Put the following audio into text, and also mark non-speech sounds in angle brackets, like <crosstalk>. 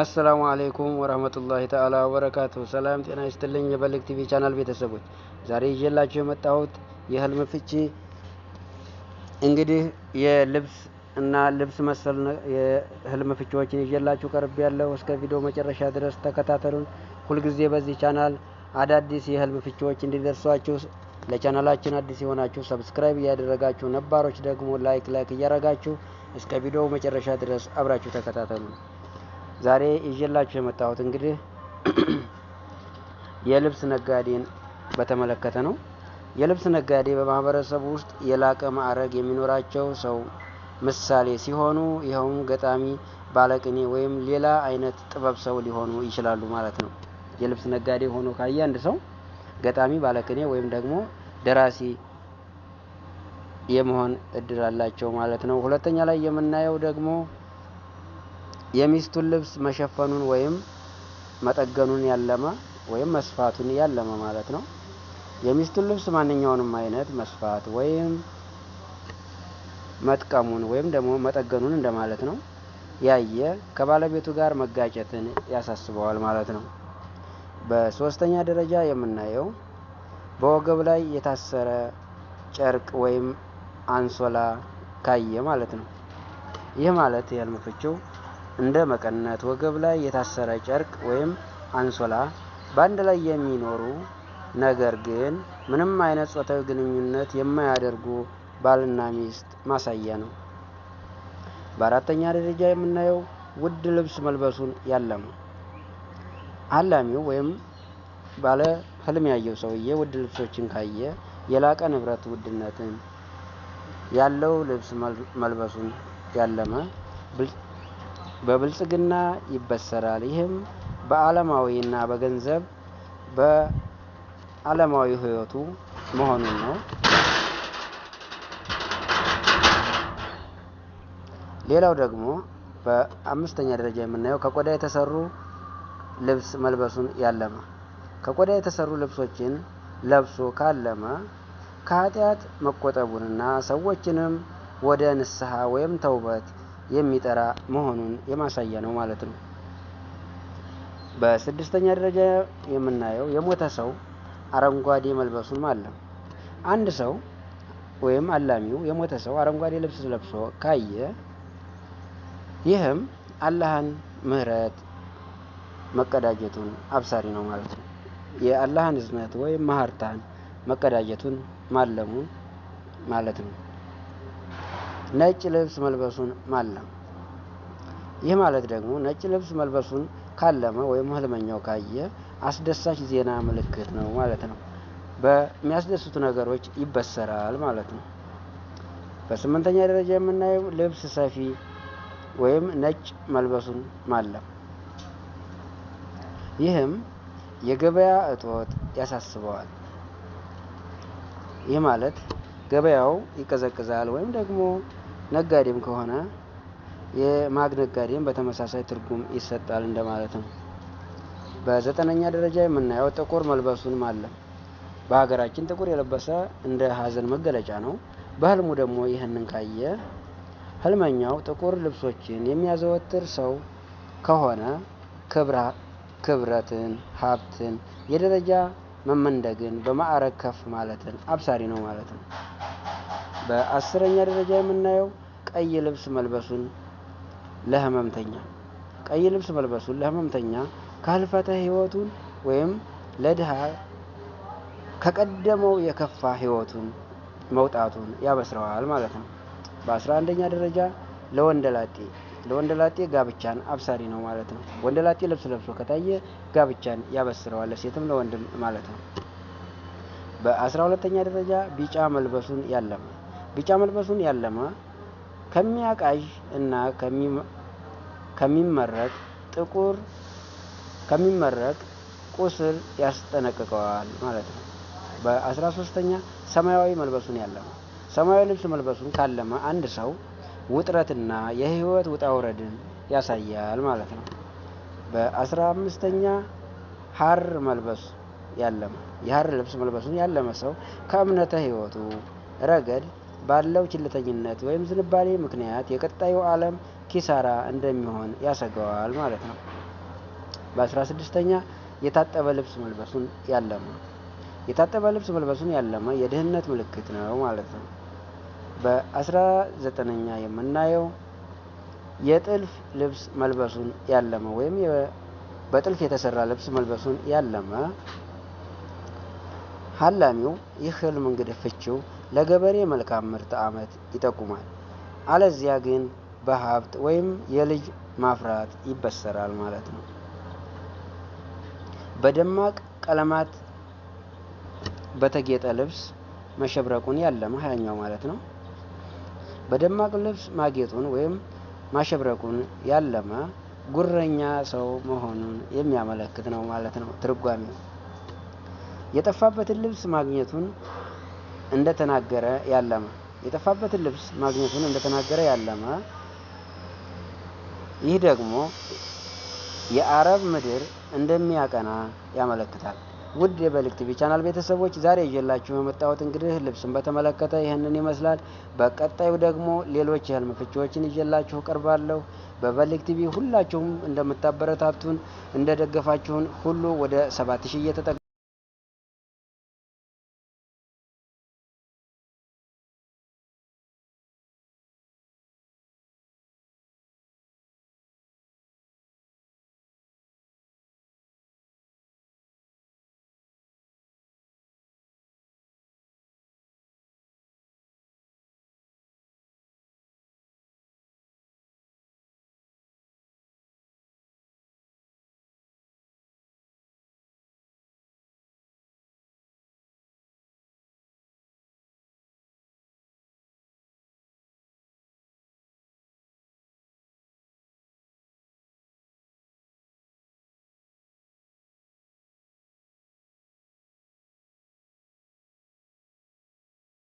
አሰላሙ አሌይኩም ወረህመቱላሂ ተዓላ ወበረካቱ። ሰላም ጤና ይስጥልኝ የበልግ ቲቪ ቻናል ቤተሰቦች፣ ዛሬ ይዤላችሁ የመጣሁት የህልም ፍቺ እንግዲህ የልብስ እና ልብስ መሰል የህልም ፍቺዎችን ይዤላችሁ ቀርብ ያለው እስከ ቪዲዮ መጨረሻ ድረስ ተከታተሉን። ሁልጊዜ በዚህ ቻናል አዳዲስ የህልም ፍቺዎች እንዲደርሷችሁ ለቻናላችን አዲስ የሆናችሁ ሰብስክራይብ እያደረጋችሁ፣ ነባሮች ደግሞ ላይክ ላይክ እያረጋችሁ እስከ ቪዲዮ መጨረሻ ድረስ አብራችሁ ተከታተሉን። ዛሬ ይዤላችሁ የመጣሁት እንግዲህ <clears throat> የልብስ ነጋዴን በተመለከተ ነው። የልብስ ነጋዴ በማህበረሰቡ ውስጥ የላቀ ማዕረግ የሚኖራቸው ሰው ምሳሌ ሲሆኑ ይኸውም ገጣሚ፣ ባለቅኔ ወይም ሌላ አይነት ጥበብ ሰው ሊሆኑ ይችላሉ ማለት ነው። የልብስ ነጋዴ ሆኖ ካየ አንድ ሰው ገጣሚ፣ ባለቅኔ ወይም ደግሞ ደራሲ የመሆን እድል አላቸው ማለት ነው። ሁለተኛ ላይ የምናየው ደግሞ የሚስቱን ልብስ መሸፈኑን ወይም መጠገኑን ያለመ ወይም መስፋቱን ያለመ ማለት ነው። የሚስቱን ልብስ ማንኛውንም አይነት መስፋት ወይም መጥቀሙን ወይም ደግሞ መጠገኑን እንደማለት ነው። ያየ ከባለቤቱ ጋር መጋጨትን ያሳስበዋል ማለት ነው። በሶስተኛ ደረጃ የምናየው በወገብ ላይ የታሰረ ጨርቅ ወይም አንሶላ ካየ ማለት ነው። ይህ ማለት የህልም ፍቺው እንደ መቀነት፣ ወገብ ላይ የታሰረ ጨርቅ ወይም አንሶላ በአንድ ላይ የሚኖሩ ነገር ግን ምንም አይነት ጾታዊ ግንኙነት የማያደርጉ ባልና ሚስት ማሳያ ነው። በአራተኛ ደረጃ የምናየው ውድ ልብስ መልበሱን ያለሙ አላሚው ወይም ባለ ህልም ያየው ሰውዬ ውድ ልብሶችን ካየ የላቀ ንብረት ውድነትን ያለው ልብስ መልበሱን ያለመ በብልጽግና ይበሰራል። ይህም በዓለማዊና በገንዘብ በዓለማዊ ህይወቱ መሆኑን ነው። ሌላው ደግሞ በአምስተኛ ደረጃ የምናየው ከቆዳ የተሰሩ ልብስ መልበሱን ያለመ ከቆዳ የተሰሩ ልብሶችን ለብሶ ካለመ ከኃጢአት መቆጠቡንና ሰዎችንም ወደ ንስሐ ወይም ተውበት የሚጠራ መሆኑን የማሳያ ነው ማለት ነው። በስድስተኛ ደረጃ የምናየው የሞተ ሰው አረንጓዴ መልበሱን አለ። አንድ ሰው ወይም አላሚው የሞተ ሰው አረንጓዴ ልብስ ለብሶ ካየ ይህም አላህን ምሕረት መቀዳጀቱን አብሳሪ ነው ማለት ነው። የአላህን እዝነት ወይም መሀርታን መቀዳጀቱን ማለሙን ማለት ነው። ነጭ ልብስ መልበሱን ማለም። ይህ ማለት ደግሞ ነጭ ልብስ መልበሱን ካለመ ወይም ህልመኛው ካየ አስደሳች ዜና ምልክት ነው ማለት ነው። በሚያስደስቱ ነገሮች ይበሰራል ማለት ነው። በስምንተኛ ደረጃ የምናየው ልብስ ሰፊ ወይም ነጭ መልበሱን ማለም። ይህም የገበያ እጦት ያሳስበዋል። ይህ ማለት ገበያው ይቀዘቅዛል ወይም ደግሞ ነጋዴም ከሆነ የማግ ነጋዴም በተመሳሳይ ትርጉም ይሰጣል እንደማለት ነው። በዘጠነኛ ደረጃ የምናየው ጥቁር መልበሱንም አለ። በሀገራችን ጥቁር የለበሰ እንደ ሀዘን መገለጫ ነው። በህልሙ ደግሞ ይህንን ካየ ህልመኛው ጥቁር ልብሶችን የሚያዘወትር ሰው ከሆነ ክብረትን፣ ሀብትን፣ የደረጃ መመንደግን፣ በማዕረግ ከፍ ማለትን አብሳሪ ነው ማለት ነው። በአስረኛ ደረጃ የምናየው ቀይ ልብስ መልበሱን ለህመምተኛ ቀይ ልብስ መልበሱን ለህመምተኛ ከህልፈተ ህይወቱን ወይም ለድሃ ከቀደመው የከፋ ህይወቱን መውጣቱን ያበስረዋል ማለት ነው። በአስራ አንደኛ ደረጃ ለወንደላጤ ለወንደላጤ ጋብቻን አብሳሪ ነው ማለት ነው። ወንደላጤ ልብስ ለብሶ ከታየ ጋብቻን ያበስረዋል ለሴትም ለወንድም ማለት ነው። በአስራ ሁለተኛ ደረጃ ቢጫ መልበሱን ያለማል። ቢጫ መልበሱን ያለመ ከሚያቃዥ እና ከሚመረቅ ጥቁር ከሚመረቅ ቁስል ያስጠነቅቀዋል ማለት ነው። በአስራ ሶስተኛ ሰማያዊ መልበሱን ያለመ ሰማያዊ ልብስ መልበሱን ካለመ አንድ ሰው ውጥረትና የህይወት ውጣ ውረድን ያሳያል ማለት ነው። በአስራ አምስተኛ ሀር መልበሱ ያለመ የሀር ልብስ መልበሱን ያለመ ሰው ከእምነተ ህይወቱ ረገድ ባለው ችልተኝነት ወይም ዝንባሌ ምክንያት የቀጣዩ ዓለም ኪሳራ እንደሚሆን ያሰጋዋል ማለት ነው። በአስራ ስድስተኛ የታጠበ ልብስ መልበሱን ያለመ የታጠበ ልብስ መልበሱን ያለመ የድህነት ምልክት ነው ማለት ነው። በአስራ ዘጠነኛ የምናየው የጥልፍ ልብስ መልበሱን ያለመ ወይም በጥልፍ የተሰራ ልብስ መልበሱን ያለመ ሀላሚው ይህ ህልም እንግዲህ ፍቺው ለገበሬ መልካም ምርት አመት ይጠቁማል። አለዚያ ግን በሀብት ወይም የልጅ ማፍራት ይበሰራል ማለት ነው። በደማቅ ቀለማት በተጌጠ ልብስ መሸብረቁን ያለመ ሀያኛው ማለት ነው። በደማቅ ልብስ ማጌጡን ወይም ማሸብረቁን ያለመ ጉረኛ ሰው መሆኑን የሚያመለክት ነው ማለት ነው ትርጓሜው። የጠፋበትን ልብስ ማግኘቱን እንደተናገረ ያለመ የጠፋበትን ልብስ ማግኘቱን እንደተናገረ ያለመ ይህ ደግሞ የአረብ ምድር እንደሚያቀና ያመለክታል። ውድ የበልግ ቲቪ ቻናል ቤተሰቦች ዛሬ ይዤላችሁ የመጣሁት እንግዲህ ልብስን በተመለከተ ይህንን ይመስላል። በቀጣዩ ደግሞ ሌሎች የህልም ፍቺዎችን ይዤላችሁ ቀርባለሁ። በበልግ ቲቪ ሁላችሁም እንደምታበረታቱን እንደደገፋችሁን ሁሉ ወደ ሰባት ሺህ እየተጠጋ